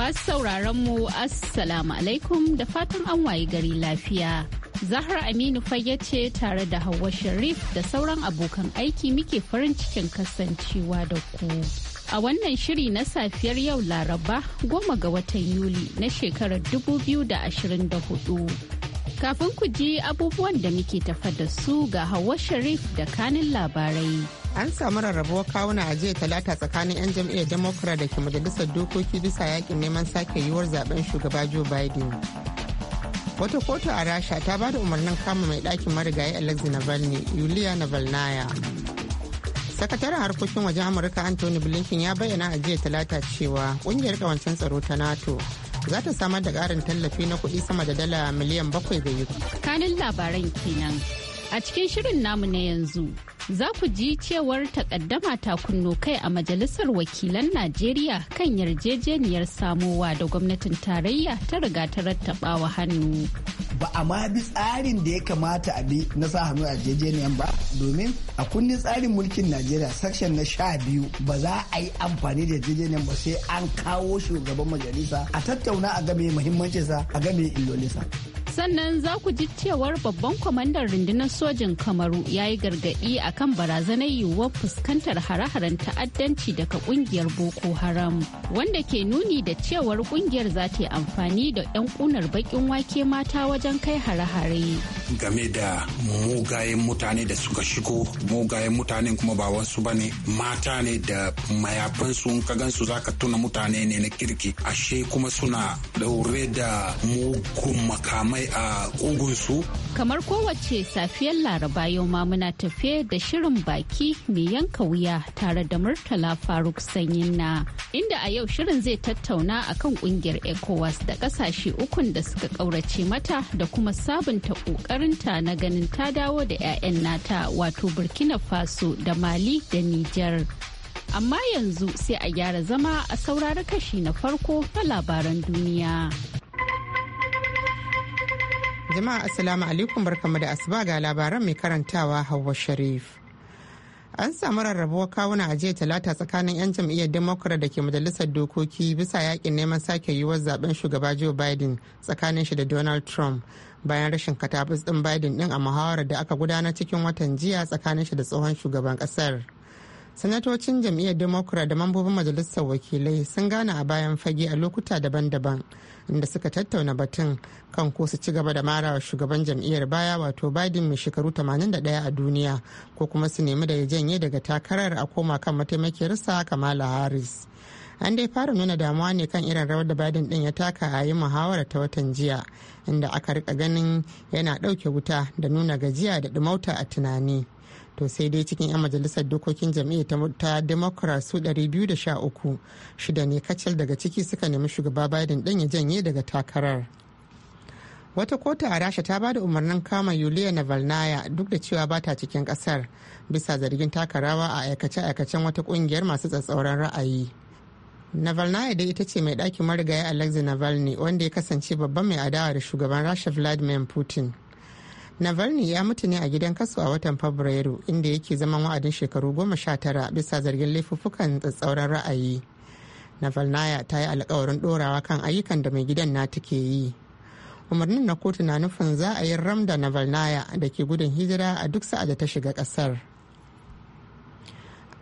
Masu sauraron mu Assalamu alaikum da fatan an waye gari lafiya. Zahra Aminu fage ce tare da Hauwa Sharif da sauran abokan aiki muke farin cikin kasancewa da ku. A wannan shiri na safiyar yau Laraba goma ga watan Yuli na shekarar 2024. Kafin ku ji abubuwan da muke tafa da su ga Hauwa Sharif da kanin labarai. An samu rarrabuwar kawuna a jiya talata tsakanin 'yan jam'iyyar Democrat da ke majalisar dokoki bisa yakin neman sake yiwuwar zaben shugaba Joe Biden. Wata kotu a Rasha ta ba da umarnin kama mai dakin marigayi Alexei Navalny, Yulia Navalnaya. sakataren harkokin wajen amurka anthony blinken ya bayyana a jiya talata cewa ƙungiyar kawancin tsaro ta nato za ta samar da ƙarin tallafi na kuɗi sama da dala miliyan bakwai ga Ukraine. Kanin labaran kenan. A cikin shirin namu na yanzu, za ku ji cewar takaddama ta kunno kai a Majalisar Wakilan Najeriya kan yarjejeniyar samowa da gwamnatin tarayya ta riga ta rattabawa hannu. ba a ma bi tsarin da ya kamata a bi na sa hannu a jejeniyan ba domin a kundin tsarin mulkin najeriya section na sha biyu ba za a yi amfani da jejeniyan ba sai an kawo shugaban majalisa a tattauna a game muhimmancinsa a game illolinsa sannan za ku ji cewar babban kwamandan rundunar sojin kamaru ya yi gargaɗi a kan barazanar yiwuwar fuskantar hare-haren ta'addanci daga ƙungiyar boko haram wanda ke nuni da cewar ƙungiyar za ta yi amfani da 'yan ƙunar baƙin wake mata wajen kai hare-hare game da mugayen mutane da suka shigo mugayen mutanen kuma ba wasu bane mata ne da mayafin su ka gansu ka tuna mutane ne na kirki ashe kuma suna daure da mugun makamai mai a ugunsu. Kamar kowace safiyar Laraba yau ma muna tafe da shirin baki mai yanka wuya tare da Murtala Faruk Sanyin na inda a yau shirin zai tattauna akan kungiyar ECOWAS da kasashe ukun da suka kaurace mata da kuma sabunta kokarinta na ganin ta dawo da 'ya'yan nata wato Burkina Faso da Mali da Nijar. amma yanzu sai a gyara zama a saurari kashi na farko na labaran duniya. Jama'a Assalamu alaikum barkamu da asuba ga labaran mai karantawa Hauwa Sharif. An samu rarrabuwar kawuna a jiya talata tsakanin 'yan jam'iyyar Democrat da ke majalisar dokoki bisa yakin neman sake yiwuwar zaben shugaba Joe Biden tsakanin shi da Donald Trump bayan rashin katabus din Biden din a muhawarar da aka gudanar cikin watan jiya tsakanin shi da tsohon shugaban kasar. sanatocin jam'iyyar democrat da mambobin majalisar wakilai sun gana a bayan fage a lokuta daban-daban inda suka tattauna batun kan ko su ci gaba da marawa shugaban jam'iyyar baya wato biden mai shekaru 81 a duniya ko kuma su nemi da ya janye daga takarar a koma kan mataimakiyarsa kamala harris an dai fara nuna damuwa ne kan irin rawar da biden din ya taka a yi muhawara ta watan jiya inda aka rika ganin yana ɗauke wuta da nuna gajiya da ɗumauta a tunani to sai dai cikin 'yan majalisar dokokin jam'iyyar ta democrat su 213 shida ne kacal daga ciki suka nemi shugaba biden ɗin ya janye daga takarar wata kotu a rasha ta bada umarnin kama yuliya navalnaya duk da cewa ba ta cikin ƙasar bisa zargin takarawa a aikace-aikacen wata kungiyar masu tsatsauran ra'ayi navalnaya dai ita ce mai ɗakin marigayi alexei navalny wanda ya kasance babban mai adawa da shugaban rasha vladimir putin Navalny ya mutu ne a gidan kaso a watan Fabrairu inda yake zaman wa'adin shekaru goma sha tara bisa zargin laifuffukan tsatsauran ra'ayi. Navalnaya ta yi alkawarin dorawa kan ayyukan da mai gidan na take yi. Umarnin na kotu na nufin za a yi ramda Navalnaya da ke gudun hijira a duk sa'a da ta shiga ƙasar.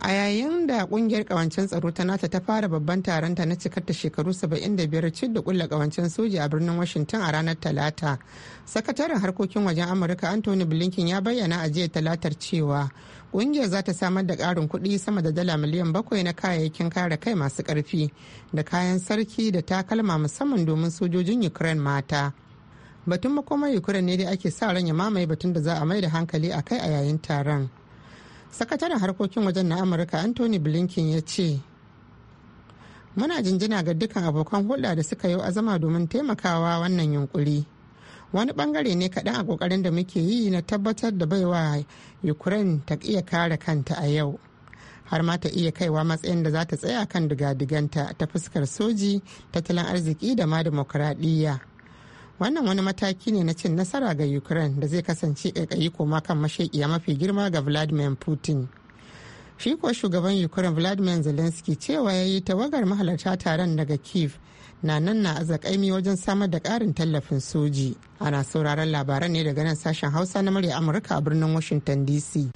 a yayin da kungiyar kawancin tsaro ta nata ta fara babban taron ta na cikar ta shekaru 75 cid da kulla kawancin soja a birnin washington a ranar talata sakataren harkokin wajen amurka anthony blinken ya bayyana a jiya talatar cewa kungiyar za ta samar da karin kuɗi sama da dala miliyan bakwai na kayayyakin kare kai masu ƙarfi da kayan sarki da takalma musamman domin sojojin ukraine mata batun makomar ukraine ne dai ake sa ran ya mamaye batun da za a mai da hankali a kai a yayin taron sakataren harkokin wajen na amurka anthony blinken ya ce muna jinjina ga dukkan abokan hulɗa da suka yi azama domin taimakawa wannan yunkuri wani bangare ne kaɗan a ƙoƙarin da muke yi na tabbatar da baiwa ukraine ta iya kare kanta a yau har ma ta iya kaiwa matsayin da za ta tsaya kan diga-diganta ta fuskar soji tattalin arziki da ma dimokuraɗiyya wannan wani mataki ne na cin nasara ga ukraine da zai kasance kaikayi koma kan mashaƙiya mafi girma ga vladimir putin shi ko shugaban ukraine vladimir zelensky cewa ya yi tawagar mahalarta taron daga kiev na nan na azakaimi wajen samar da ƙarin tallafin soji ana sauraron labaran ne daga nan sashen hausa na murya amurka a birnin washington dc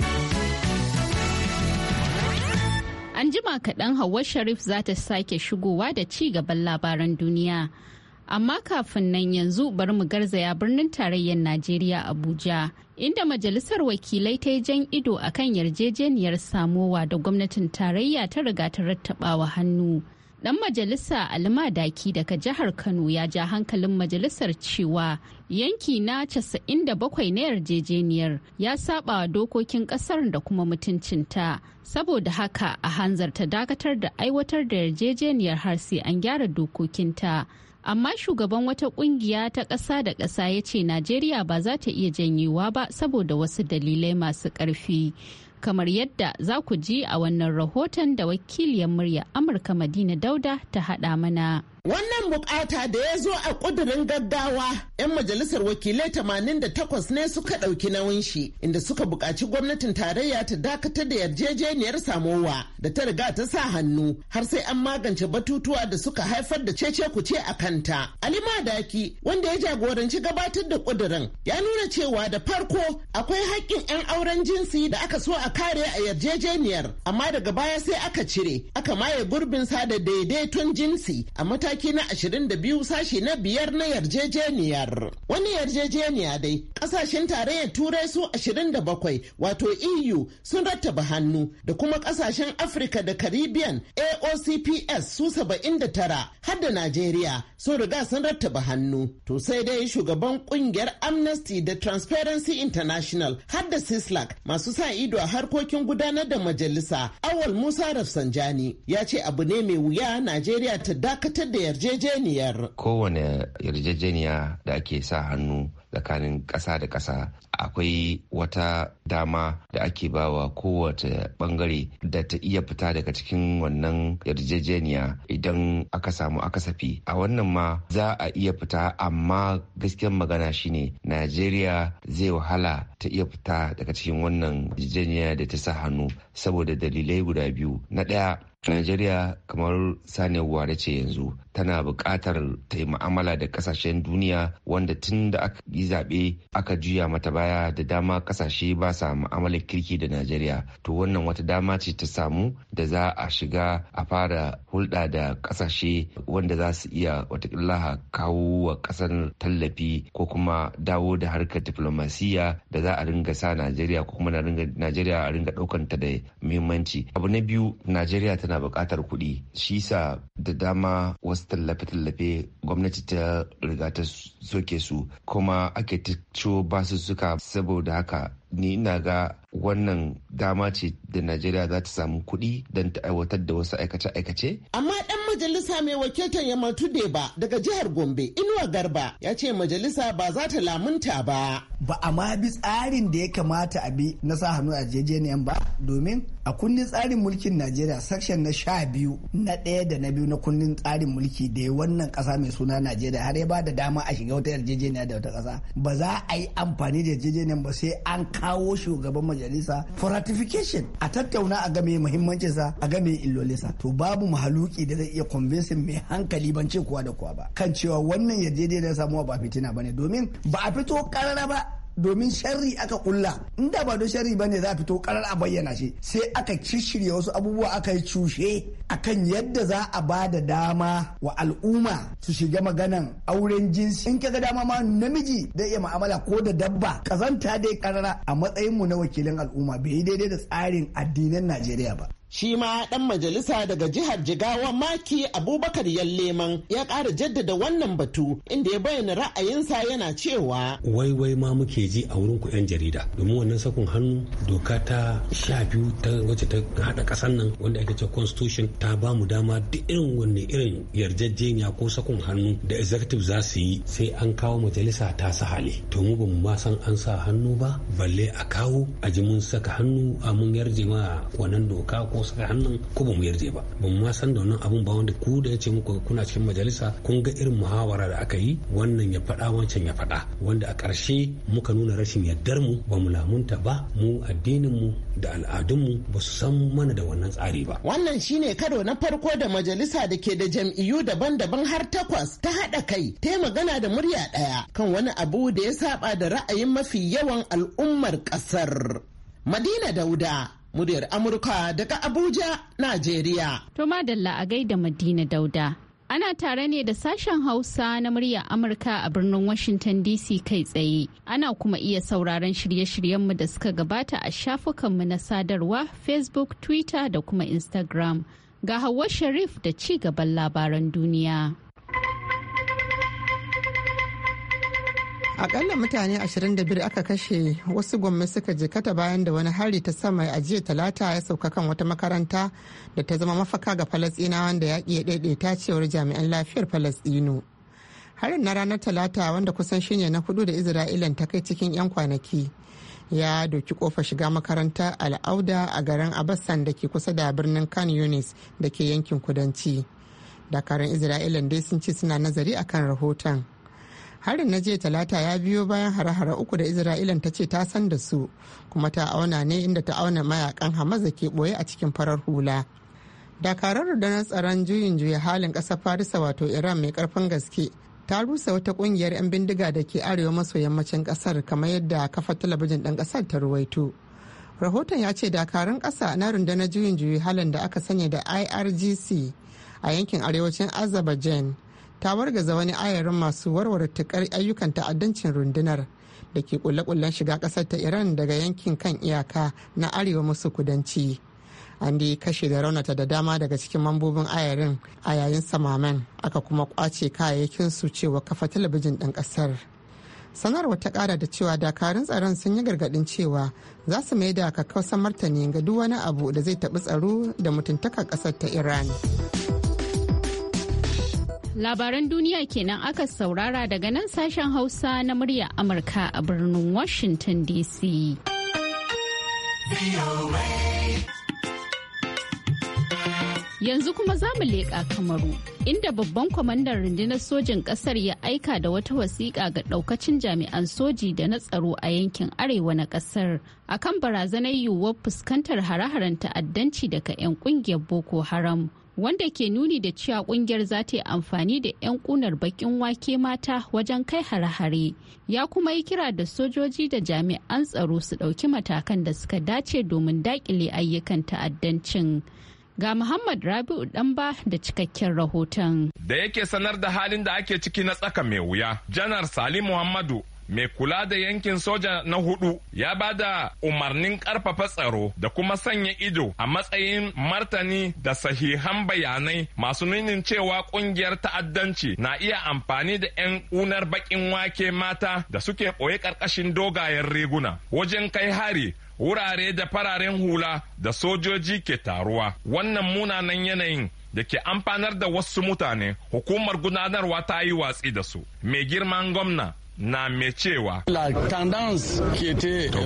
an jima kaɗan hawa sharif za ta sake shigowa da ci gaban labaran duniya Amma kafin nan yanzu bari mu garzaya birnin tarayyar Najeriya Abuja, inda Majalisar Wakilai ta yi jan ido a kan yarjejeniyar samowa da gwamnatin tarayya ta riga ta rattabawa hannu. Dan majalisa Alma Daki daga jihar Kano ya ja hankalin majalisar cewa yanki na 97 na yarjejeniyar ya saba dokokin kasar da kuma mutuncinta. Saboda haka a hanzarta dakatar da aiwatar da yarjejeniyar har sai an gyara dokokinta. amma shugaban wata kungiya ta ƙasa da ƙasa ya ce najeriya ba za ta iya janyewa ba saboda wasu dalilai masu ƙarfi kamar yadda za ku ji a wannan rahoton da wakiliyar murya amurka madina dauda ta haɗa mana. Wannan bukata da ya zo a ƙudirin gaggawa 'yan majalisar wakilai 88 ne suka ɗauki nauyin shi inda suka buƙaci gwamnatin tarayya ta dakatar da yarjejeniyar samowa da ta riga ta sa hannu har sai an magance batutuwa da suka haifar da cece kuce a kanta. Ali Madaki wanda ya jagoranci gabatar da kudurin ya nuna cewa da farko akwai haƙƙin 'yan auren jinsi da aka so a kare a yarjejeniyar amma daga baya sai aka cire aka maye gurbin sa da daidaiton jinsi a mataki na 22 sashi na biyar na yarjejeniyar. Wani yarjejeniya dai kasashen tarayyar turai su 27 wato EU sun rattaba hannu da kuma kasashen Afirka da Caribbean AOCPS su 79 har da Najeriya sun riga sun rattaba hannu. To sai dai shugaban kungiyar Amnesty da Transparency International har da Sislak masu sa ido a harkokin gudanar da majalisa Awal Musa Rafsanjani ya ce abu ne mai wuya Najeriya ta dakatar da yarjejeniyar. Kowane yarjejeniya da ake sa hannu tsakanin ƙasa da ƙasa akwai wata dama da ake bawa kowace bangare da ta iya fita daga cikin wannan yarjejeniya idan aka samu akasafi a wannan ma za a iya fita amma gaskiyar magana shine najeriya zai wahala ta iya fita daga cikin wannan yarjejeniya da ta sa hannu saboda dalilai guda biyu na ɗaya Najeriya kamar Sani wara ce yanzu tana buƙatar ta yi mu'amala da ƙasashen duniya wanda tun da aka yi zaɓe aka juya mata baya da dama ƙasashe ba sa mu'amalar kirki da Najeriya. To wannan wata dama ce ta samu da za a shiga a fara hulɗa da ƙasashe wanda za su iya watakila kawo wa ƙasar tallafi ko kuma dawo da harkar diflomasiyya da za a ringa sa Najeriya ko kuma Najeriya a ringa ɗaukanta da muhimmanci. Abu na biyu Najeriya tana suna buƙatar kuɗi shi sa da dama wasu tallafe-tallafe gwamnati ta riga ta soke su kuma ake ta ciwo basussuka saboda haka ni ina ga wannan dama ce da najeriya za ta samu kuɗi don ta aiwatar da wasu aikace-aikace amma ɗan majalisa mai wakiltar yamma ba daga jihar gombe inuwa garba ya ce majalisa ba za ta lamunta ba ba a ma bi tsarin da ya kamata a bi na sa hannu a jejeniyan ba domin a kundin tsarin mulkin najeriya sashen na sha biyu na ɗaya da na biyu na kundin tsarin mulki da ya wannan ƙasa mai suna najeriya har ya ba da dama a shiga wata yarjejeniya da wata ƙasa ba za a yi amfani da yarjejeniyan ba sai an kawo shugaban majalisa for ratification a tattauna a game sa a game illolinsa to babu mahaluki da zai iya convincing mai hankali ban ce kuwa da kuwa ba kan cewa wannan yarjejeniyar samuwa ba fitina ba ne domin ba a fito karara ba domin sharri aka kulla in da ba don sharri ne za a fito karar a bayyana shi sai aka cishirya wasu abubuwa aka yi cushe akan yadda za a ba da dama wa al'umma su shiga maganan auren jinsi in kaga dama ma namiji da iya ma'amala ko da dabba kazanta dai karara a matsayinmu na wakilin al'umma bai yi daidai da tsarin addinan Najeriya ba shi ma dan majalisa daga jihar jigawa maki abubakar yalleman ya kara jaddada wannan batu inda ya bayyana ra'ayinsa yana cewa waiwai ma muke ji a wurin ku yan jarida domin wannan sakon hannu doka ta sha biyu ta wacce ta hada kasan nan wanda ake ce constitution ta ba mu dama duk irin wanne irin yarjejeniya ko sakon hannu da executive za su yi sai an kawo majalisa ta sa hali to mu ba mu ma san an sa hannu ba balle a kawo a ji mun saka hannu a mun yarje ma wannan doka ko wasu ga hannun ko ba mu yarda ba ba mu san da wannan abun ba wanda ku da ya ce muku kuna cikin majalisa kun ga irin muhawara da aka yi wannan ya faɗa wancan ya faɗa wanda a ƙarshe muka nuna rashin yardar mu ba mu lamunta ba mu addinin mu da al'adun mu ba su san mana da wannan tsari ba wannan shine kado na farko da majalisa da ke da jam'iyyu daban-daban har takwas ta haɗa kai ta magana da murya ɗaya kan wani abu da ya saba da ra'ayin mafi yawan al'ummar ƙasar madina dauda muryar Amurka daga Abuja, Najeriya. To Madalla a gaida Madina Dauda. Ana tare ne da sashen Hausa na muryar Amurka a birnin Washington DC kai tsaye. Ana kuma iya sauraron shirye-shiryenmu da suka gabata a shafukanmu na sadarwa Facebook, Twitter da kuma Instagram. Ga Hauwa Sharif da ci gaban labaran duniya. akalla mutane 25 aka kashe wasu gwamnati suka jikata bayan da wani hari ta sama a jiya talata ya sauka kan wata makaranta da ta zama mafaka ga falasɗinawan da ƙi ya ta cewar jami'an lafiyar falasɗinu harin na ranar talata wanda kusan shine na hudu da Isra'ila ta kai cikin 'yan kwanaki ya doki kofa shiga makaranta al'auda a garin abassan da ke kusa da birnin kan yunis da ke yankin kudanci dakarun isra'ilan dai sun ce suna nazari akan rahoton harin na jiya talata ya biyo bayan hare-hare uku da isra'ilan ta ce ta san da su kuma ta auna ne inda ta auna mayakan hamas da ke boye a cikin farar hula dakarar rundunar tsaron juyin juya halin ƙasar farisa wato iran mai karfin gaske ta rusa wata kungiyar 'yan bindiga da ke arewa maso yammacin kasar kamar yadda kafar talabijin ɗan ƙasar ta ruwaito rahoton ya ce dakarun ƙasa na rundunar juyin juyi halin da aka sanya da irgc a yankin arewacin azerbaijan ta wargaza wani ayarin masu warware tukar ayyukan ta'addancin rundunar da ke kulle-kullen shiga kasar ta iran daga yankin kan iyaka na arewa masu kudanci an da kashe da raunata da dama daga cikin mambobin ayarin a yayin samaman aka kuma kwace kayayyakin su cewa kafa talabijin ɗin ƙasar sanarwa ta ƙara da cewa dakarun tsaron sun yi gargaɗin cewa za su mai da kakkausan martani ga duk wani abu da zai taɓi tsaro da mutuntakar ƙasar ta iran Labaran duniya kenan aka saurara daga nan sashen Hausa na murya Amurka a birnin Washington DC. Yanzu kuma za mu leƙa kamaru, inda babban kwamandan rundunar sojin ƙasar ya aika da wata wasiƙa ga ɗaukacin jami'an soji da na tsaro a yankin arewa na ƙasar akan barazanar yiwuwar fuskantar hare-haren ta'addanci daga 'yan ƙungiyar Boko Haram. wanda ke nuni da cewa kungiyar za ta yi amfani da 'yan kunar bakin wake mata wajen kai hare-hare ya kuma yi kira da sojoji da jami'an tsaro su ɗauki matakan da suka dace domin daƙile ayyukan ta'addancin ga muhammad rabi'u ɗanba da cikakken rahoton da yake sanar da halin da ake ciki na tsaka mai wuya janar salim muhammadu mai kula da yankin soja na hudu ya ba da umarnin karfafa tsaro da kuma sanya ido a matsayin martani da sahihan bayanai masu nunin cewa kungiyar ta'addanci na iya amfani da 'yan unar bakin wake mata da suke ɓoye ƙarƙashin dogayen riguna wajen kai hari wurare da fararen hula da sojoji ke taruwa wannan munanan yanayin da ke amfanar da wasu mutane hukumar gudanarwa ta yi watsi da su mai girman gwamna na mai cewa. To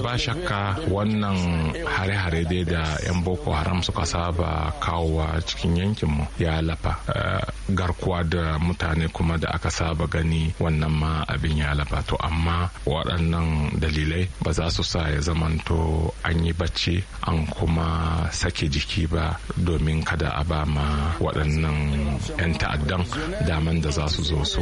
ba shakka wannan hare-hare dai da 'yan Boko Haram suka saba kawowa cikin yankinmu ya lafa eh, garkuwa da mutane kuma da aka saba gani wannan ma abin ya lafa to amma waɗannan dalilai ba za su sa ya zamanto an yi bacci an kuma sake jiki ba domin kada a ba ma waɗannan 'yan ta'addan daman da za su zo su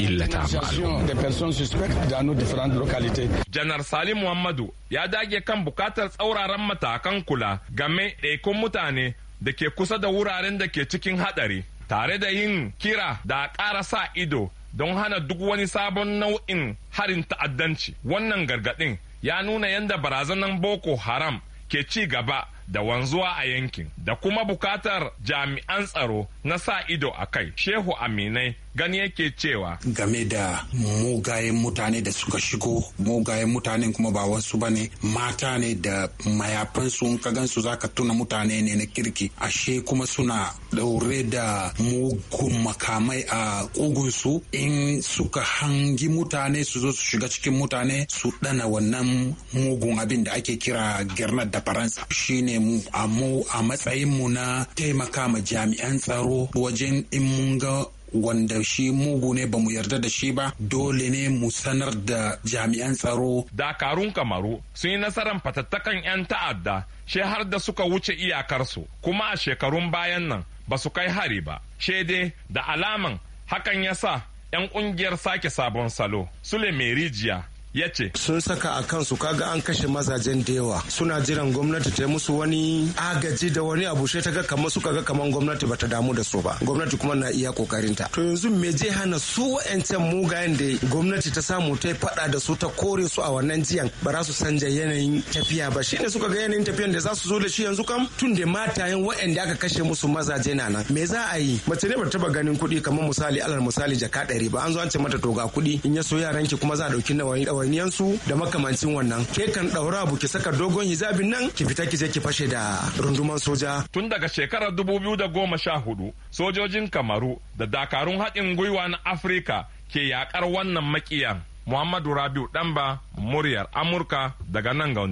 illata ma al'umma. suspect da no different locality. Janar Salim Muhammadu ya dage kan bukatar tsauraran matakan kula game ikon mutane da ke kusa da wuraren da ke cikin hadari tare da yin kira da ƙara sa ido don hana duk wani sabon nau'in harin ta'addanci. Wannan gargaɗin ya nuna yadda barazanan Boko Haram ke ci gaba da wanzuwa a yankin da kuma bukatar jami'an tsaro na sa ido a kai. Shehu Aminai gani yake cewa game da mugayen mutane da suka shigo mugayen mutane kuma ba wasu ba ne mata ne da mayafan su ka gansu zaka tuna mutane ne na kirki ashe kuma suna daure da mugun makamai a kugunsu in suka hangi mutane su zo su shiga cikin mutane su dana wannan mugun abin da ake kira girnar da faransa shine mu a mu a matsayin mu na taimaka ma jami'an tsaro wajen in mun ga wanda shi mugu ne ba mu yarda da shi ba dole ne mu sanar da jami'an tsaro. Dakarun kamaru sun yi nasarar fatattakan 'yan ta'adda shi har da suka wuce iyakarsu kuma a shekarun bayan nan ba su kai hari ba. Shede da alaman hakan ya sa 'yan kungiyar sake sabon salo. Sule Merijiya ya ce sun saka a kansu kaga an kashe mazajen da yawa suna jiran gwamnati ta musu wani agaji da wani abu sai ta ga kamar suka ga kamar gwamnati bata damu da su ba gwamnati kuma na iya ta. to yanzu me je hana su wa'ancan mugayen da gwamnati ta samu ta fada da su ta kore su a wannan jiyan ba za su sanja yanayin tafiya ba shine suka ga yanayin tafiyan da za su zo da shi yanzu kam tun da matayen wa'anda aka kashe musu mazaje na nan me za a yi mace ne ba taba ganin kuɗi kamar misali alal misali jaka ɗari ba an zo an ce mata to ga kuɗi in ya so yaranki kuma za a ɗauki nawa ɗawainiyansu da makamancin wannan ke kan ɗaura abu ki saka dogon hijabin nan ki fita ki je ki fashe da runduman soja. Tun daga shekarar dubu biyu da goma sha hudu sojojin Kamaru da dakarun haɗin gwiwa na Afirka ke yakar wannan makiyan. Muhammadu Rabiu Ɗanba muryar Amurka daga nan ga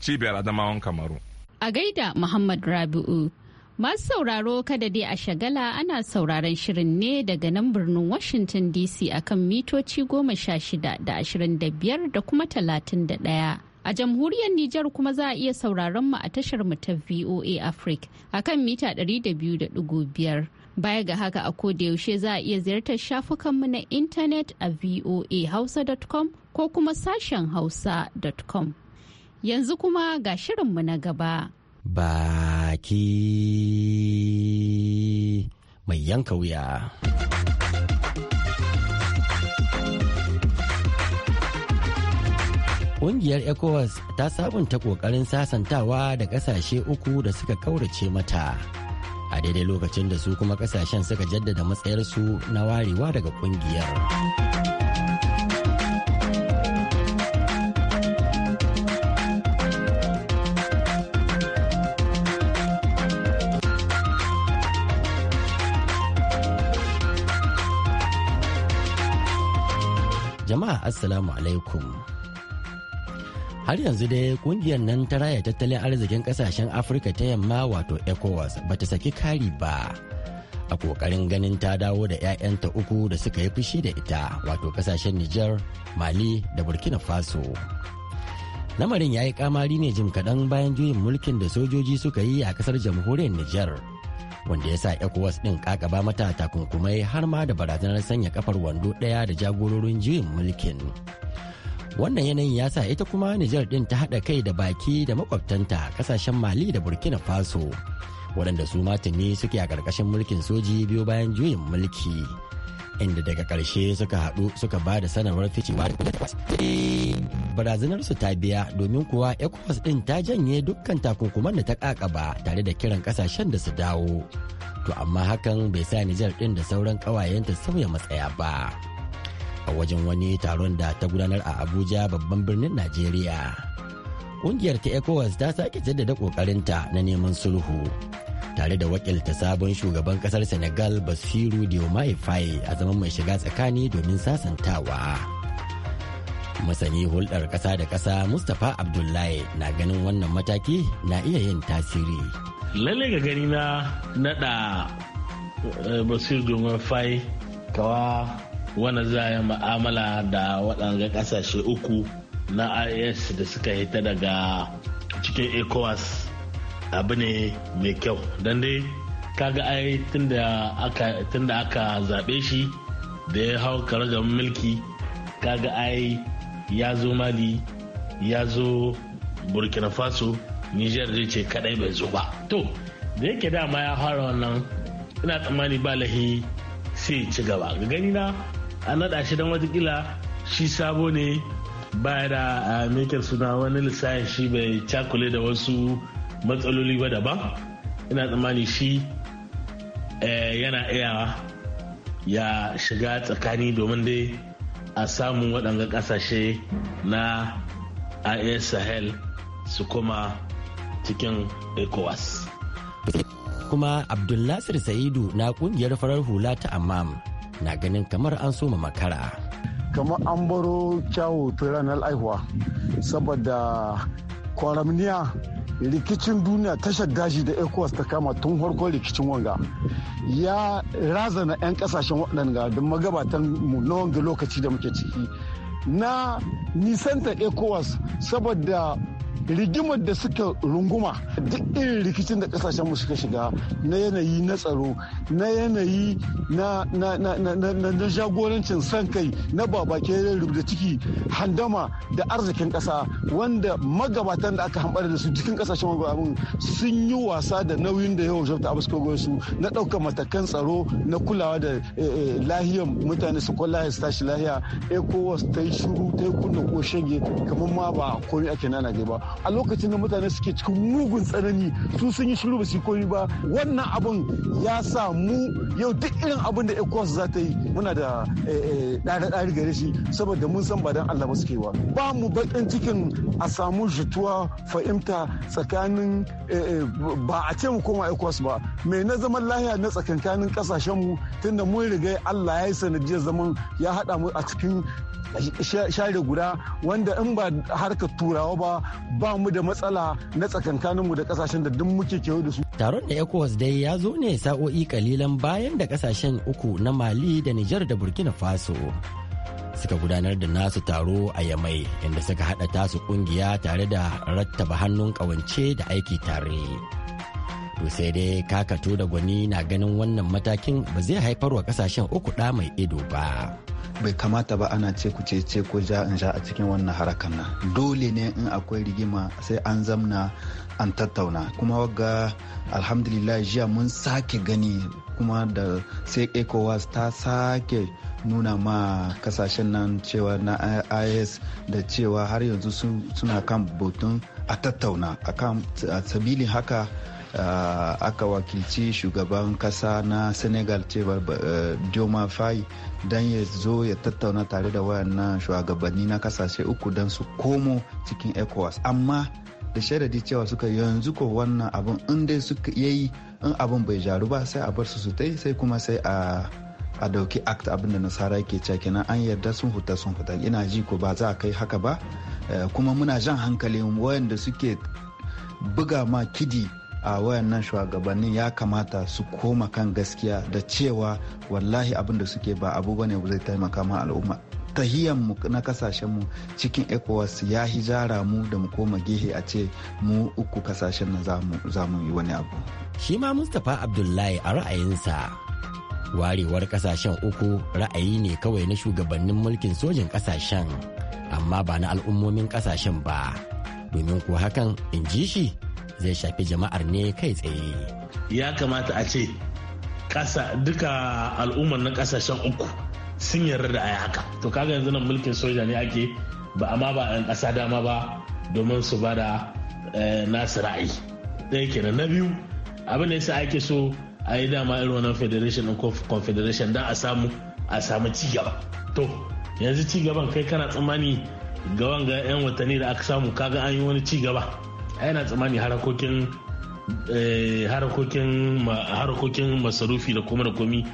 cibiyar Adamawan Kamaru. A gaida Muhammad Rabiu Masu sauraro kada dai a shagala ana sauraron shirin ne daga nan birnin Washington DC akan mitoci goma sha shida da ashirin da biyar da kuma talatin da ɗaya. A jamhuriyar Nijar kuma za a iya sauraron mu a tashar mu ta VOA Africa akan mita ɗari da biyu da ɗigo biyar. Baya ga haka a yaushe za a iya ziyartar shafukan mu na intanet a voahausa.com ko kuma sashen hausa.com. Yanzu kuma ga shirin mu na gaba. baki mai yanka wuya. Ƙungiyar ECOWAS ta sabunta ƙoƙarin sasantawa da ƙasashe uku da suka kaurace mata. A daidai lokacin da su kuma ƙasashen suka jaddada matsayarsu na warewa daga ƙungiyar. Jama'a Assalamu alaikum. Har yanzu dai kungiyar nan ta raya tattalin arzikin kasashen Afirka ta yamma wato ECOWAS ta saki kari ba. A kokarin ganin ta dawo da 'ya'yanta uku da suka yi fushi da ita wato kasashen Nijar, Mali da Burkina Faso. Lamarin ya yi kamari ne jim kaɗan bayan juyin mulkin da sojoji suka yi a kasar jamhuriyar Nijar. wanda ya sa ecowas ɗin kakaba mata takunkumai har ma da barazanar sanya kafar wando ɗaya da jagororin juyin mulkin wannan yanayin ya sa ita kuma nijar ɗin ta haɗa kai da baki da makwabtanta ƙasashen mali da burkina faso waɗanda su ma suke a ƙarƙashin mulkin soji biyu bayan juyin mulki inda daga ƙarshe suka haɗu suka ba da sanarwar ficewa barazanar su ta biya domin kuwa ecowas ɗin ta janye dukkan takunkuman da ta ƙaƙaba tare da kiran ƙasashen da su dawo to amma hakan bai sa nijar ɗin da sauran ƙawayenta sauya matsaya ba a wajen wani taron da ta gudanar a abuja babban birnin najeriya ƙungiyar ta ecowas ta sake jaddada ƙoƙarinta na neman sulhu tare da wakilta sabon shugaban kasar senegal basiru diomaye faye a zaman mai shiga tsakani domin sasantawa masani hulɗar ƙasa da ƙasa mustapha abdullahi na ganin wannan mataki na iya yin tasiri lalle ga gani na naɗa eh, basiru diomaye faye kawa wani za a ma'amala da waɗanga ƙasashe uku na is da suka hita daga cikin ecowas abu ne mai kyau don dai kaga ai tunda aka aka zaɓe shi da ya hau karagar mulki kaga ai ya zo mali ya zo burkina faso niger zai ce kadai bai zo ba to da yake dama ya fara wannan ina tsammani ba lahi sai ci gaba ga gani na an naɗa shi don watakila shi sabo ne baya da ah, mekin suna wani lissafi shi bai cakule da wasu matsaloli ba daban ina tsammani shi eh, yana iya ya shiga tsakani domin dai a samun waɗanga ƙasashe na is sahel su kuma cikin ecowas kuma abdullasir sa'idu na kungiyar farar hula ta amam na ganin kamar an soma makara kamar an baro kyawu ranar aihuwa saboda kwaramniya rikicin duniya tashar daji da ecowas ta kama tun farkon rikicin wanga ya razana 'yan kasashen waɗanda da magabatan mu na wanga lokaci da muke ciki na nisanta ecowas saboda rigimar da suka runguma duk irin rikicin da kasashen mu suka shiga na yanayi na tsaro na yanayi na jagorancin san kai na babake rubuta ciki handama da arzikin kasa wanda magabatan da aka hambara da su cikin kasashen abin sun yi wasa da nauyin da yawan jabta abu suka su na ɗaukar matakan tsaro na kulawa da eh, eh, lahiyar mutane su kwallo lahiya su tashi lahiya ekowas ta yi shuru ta yi kunna ko shege kamar ma ba komai ake nana ba a lokacin da mutane suke cikin mugun tsanani su sun yi shiru ba su koyi ba wannan abun ya sa mu yau duk irin abun da ecos za ta yi muna da eh, eh, ɗare ɗari gare shi saboda mun san ba dan allah ba suke ba ba mu baƙin cikin a samu jituwa fahimta tsakanin eh, ba a ce mu koma ecos ba mai na zaman lahiya na tsakankanin kasashen mu tunda mun riga allah ya yi sanadiyar zaman ya haɗa mu a cikin share guda wanda in ba harkar turawa ba ba mu da matsala na tsakankaninmu da kasashen da duk muke kewa da su. Taron da ECOWAS dai ya zo ne sa'o'i kalilan bayan da kasashen uku na Mali da Nijar da Burkina Faso. suka gudanar da nasu taro a yamai inda suka hada tasu kungiya tare da rattaba hannun kawance da aiki tare to sai dai kakato da gwani na ganin wannan matakin ba zai haifar wa kasashen uku da mai ido ba. bai kamata ba ana ce ku ce ce ko ja in ja a cikin wannan harakan nan dole ne in akwai rigima sai an zamna an tattauna kuma ga. alhamdulillah jiya mun sake gani kuma da sai ecowas ta sake nuna ma kasashen nan cewa na is da cewa har yanzu suna kan botun a tattauna a kan sabilin haka Ah, aka wakilci shugaban kasa na senegal cewar eh, dioma fai don ya zo ya tattauna tare da wayannan shugabanni na kasashe uku don su komo cikin ecowas amma da sharadi cewa suka yanzu ko wannan abin in dai suka yayi in abin bai jaru ba sai a bar su su tai sai kuma sai a a dauki act abin da nasara ke cewa kenan an yarda sun huta sun huta ina ji ko ba za a kai haka ba eh, kuma muna jan hankalin wayanda suke buga ma kidi a wayannan shugabannin ya kamata su koma kan gaskiya da cewa wallahi abin da suke ba abu bane zai taimaka ma al'umma mu na kasashen mu cikin ecowas ya hijara mu da mu koma gehe a ce mu uku kasashen na za mu yi wani abu shi ma mustapha abdullahi a ra'ayinsa warewar kasashen uku ra'ayi ne kawai na shugabannin mulkin sojin kasashen amma ba na al'ummomin kasashen ba domin ko hakan in ji shi zai shafi jama'ar ne kai tsaye ya kamata a ce ƙasa duka al'ummar na ƙasashen uku sun yarda da ayi haka to kaga yanzu nan mulkin soja ne ake ba amma ba ƴan ƙasa dama ba domin su ba da eh, nasu ra'ayi ɗaya kenan na biyu abin da yasa ake so a yi dama irin wannan federation ko confederation don a samu a samu cigaba to yanzu ci gaban kai kana tsammani ga wanga 'yan watanni da aka samu kaga an yi wani ci gaba yana tsammani harakokin eh, harakokin harakokin masarufi da kuma da komi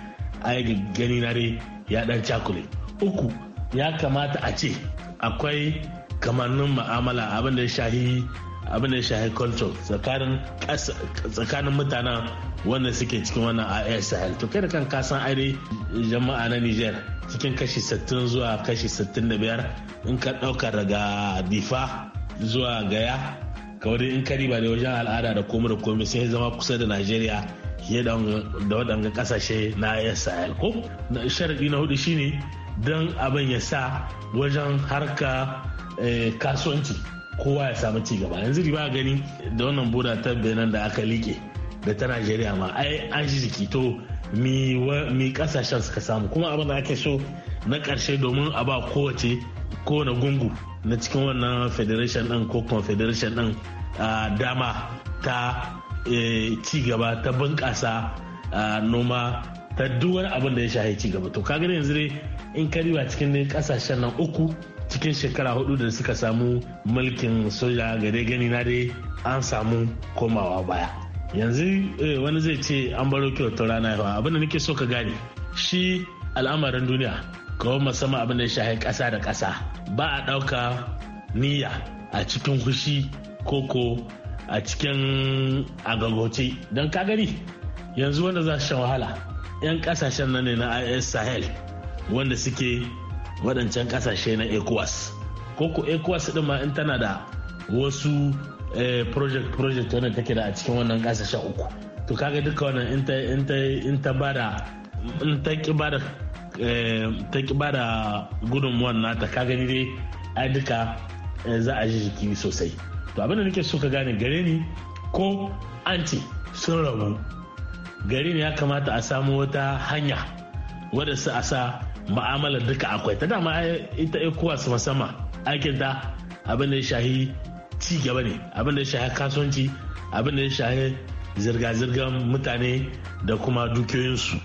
a gani na re ya dan cakule uku ya kamata a ce akwai kamannin ma'amala abin da shahi abin da shahi culture tsakanin tsakanin mutanen wanda suke cikin wannan asl to kai da kan kasan aire jama'a na Niger cikin kashi 60 zuwa kashi 65 in ka ɗauka daga Difa zuwa Gaya kawai in kari ba da wajen al'ada da komai da komai sai zama kusa da najeriya fiye da waɗanga ƙasashe na sahel ko sharaɗi na hudu shine don abin ya sa wajen harka eh, kasuwanci kowa ya samu cigaba gaba yanzu riba gani da wannan buda ta benin da aka liƙe da ta najeriya ma ai an ji jiki to mi kasashen suka samu kuma abin da ake so na ƙarshe domin a ba kowace kowane gungu na cikin wannan federation ɗin ko confederation ɗin dama ta e, ci gaba ta bunƙasa noma ta duwar abin da ya shahi ci gaba to kaga yanzu dai in ka riba cikin kasashen nan uku cikin shekara hudu da suka samu mulkin soja gare gani na dai an samu komawa baya yanzu e, wani zai ce an baro kyautar rana yawa abin da nake so ka gane shi al'amarin duniya kawo musamman abin da ya shahi ƙasa da ƙasa ba a ɗauka niyya a cikin hushi koko a cikin agagoce don ka gani yanzu wanda za su sha wahala 'yan kasashen nan ne na is sahel wanda suke waɗancan kasashe na ecowas koko ecowas ɗin ma in tana da wasu eh, project project wanda take da a cikin wannan kasashen uku to kaga duka wannan in ta ba in Eh, ta ki bada gudunmuwan nata ka gani dai ai duka eh, za a ji jiki sosai to abin da nake so ka gane gare ni ko anti sun rabu gare ni ya kamata a samu wata hanya wadda su a sa ma'amalar duka akwai ta dama ita kowa su sama aikin ta abinda ya shahi ci gaba ne abinda ya shahi kasuwanci abinda ya shahi zirga-zirgar mutane da kuma dukiyoyinsu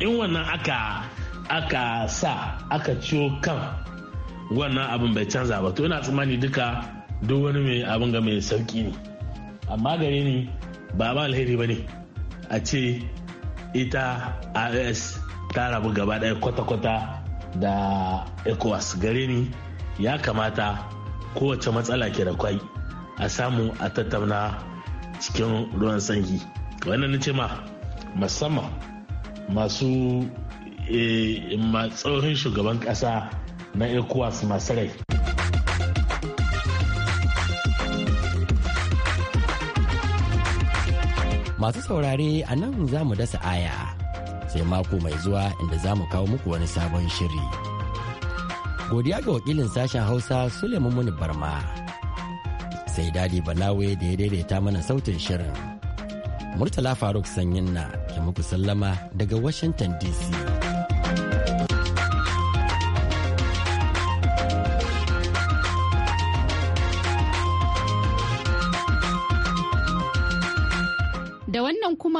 in wannan aka aka sa aka ciwo kan wannan abin bai canza ba to ina tsammani duka duk wani mai abin ga mai sauki ne amma gare ni ba ba alheri ba ne a ce ita ios ta rabu gaba ɗaya kwata-kwata da ecowas gare ni ya kamata kowace matsala ke da kwai a samu a tattauna cikin ruwan sanyi wannan ni ce ma musamman masu Eh, tsohon shugaban ƙasa na ecowas masu rai masu saurare a nan za mu dasa aya sai mako mai zuwa inda za mu kawo muku wani sabon shiri godiya ga wakilin sashen hausa suleiman muni barma sai dadi balawe da ya daidaita mana sautin shirin murtala faruk sanyin na ke muku sallama daga washington dc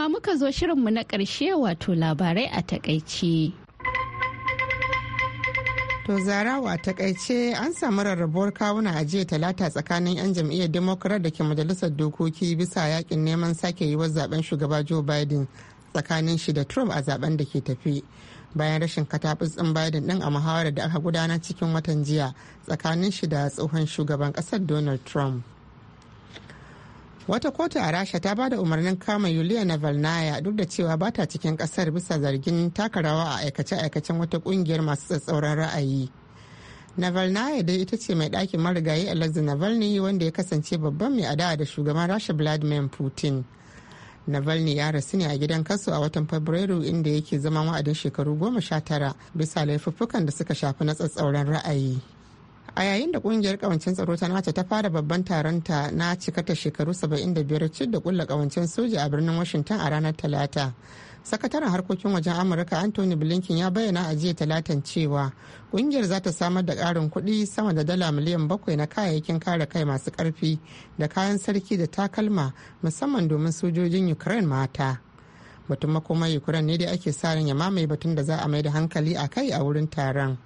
kuma muka zo shirinmu na ƙarshe wato labarai a takaice. To zarawa takaice an samu rarrabuwar kawuna a jiya talata tsakanin 'yan jam'iyyar demokrat da ke majalisar dokoki bisa yakin neman sake yiwuwar zaben shugaba joe biden tsakanin shi da trump a zaben da ke tafi bayan rashin katabutsin biden ɗin a muhawarar da aka gudana cikin watan jiya tsakanin shi da tsohon shugaban kasar donald trump wata kotu a rasha ta ba da umarnin kama yulia navalnaya duk da cewa ba ta cikin kasar bisa zargin taka rawa a aikace-aikacen wata kungiyar masu tsatsauran ra'ayi navalnaya dai ita ce mai ɗakin marigayi alexei navalny wanda ya kasance babban mai adawa da shugaban rasha vladimir putin navalny ya rasu ne a gidan kaso a watan fabrairu inda yake zama wa'adin shekaru goma sha tara bisa laifuffukan da suka shafi na tsatsauran ra'ayi a yayin da kungiyar kawancin tsaro ta nace ta fara babban taron ta na cikata shekaru 75 cikin da kulla kawancin soja a birnin washington a ranar talata sakataren harkokin wajen amurka anthony blinken ya bayyana a jiya talatan cewa kungiyar za ta samar da karin kuɗi sama da dala miliyan bakwai na kayayyakin kare kai masu karfi da kayan sarki da takalma musamman domin sojojin ukraine mata batun makomar ukraine ne dai ake sa ran ya mamaye batun da za a mai da hankali a kai a wurin taron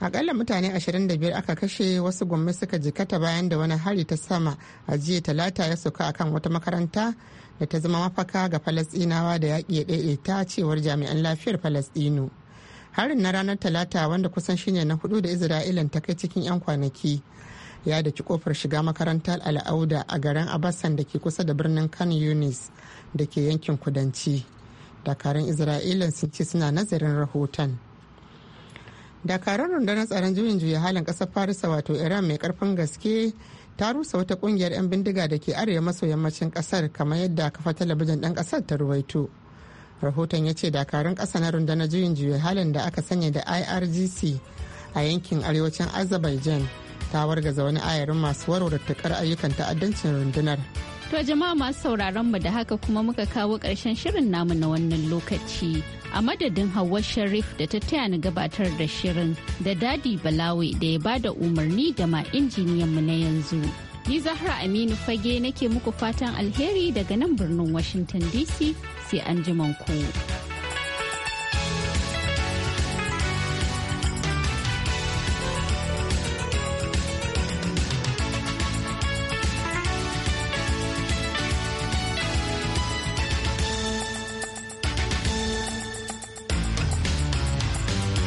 akalla mutane 25 aka kashe wasu gwamnati suka jikata bayan da wani hari ta sama a jiya talata ya sauka akan wata makaranta da ta zama mafaka ga falasdinawa da yaƙi ya daidaita cewar jami'an lafiyar falasdinu harin na ranar talata wanda kusan shine na hudu da isra'ilan ta kai cikin 'yan kwanaki ya daki kofar shiga makarantar al'auda a garin abasan da ke kusa da birnin kan yunis da ke yankin kudanci dakarun isra'ilan sun ce suna nazarin rahoton dakarar rundunar tsaron juyin juya halin kasar farisa wato iran mai karfin gaske ta rusa wata kungiyar 'yan bindiga da ke arewa maso yammacin kasar kamar yadda kafa talabijin ɗan kasar ta ruwaito rahoton ya ce dakarun kasa na rundunar juyin juya halin da aka sanya da irgc a yankin arewacin azerbaijan ta wargaza wani ayarin masu warware ayyukan ta'addancin rundunar To jama'a masu sauraron mu da haka kuma muka kawo ƙarshen shirin namu na wannan lokaci. A madadin Hauwa Sharif da ta taya ni gabatar da shirin da Dadi Balawe da ya bada umarni da ma injiniyan mu na yanzu. Ni Zahra Aminu Fage nake muku fatan alheri daga nan birnin Washington DC sai an ku.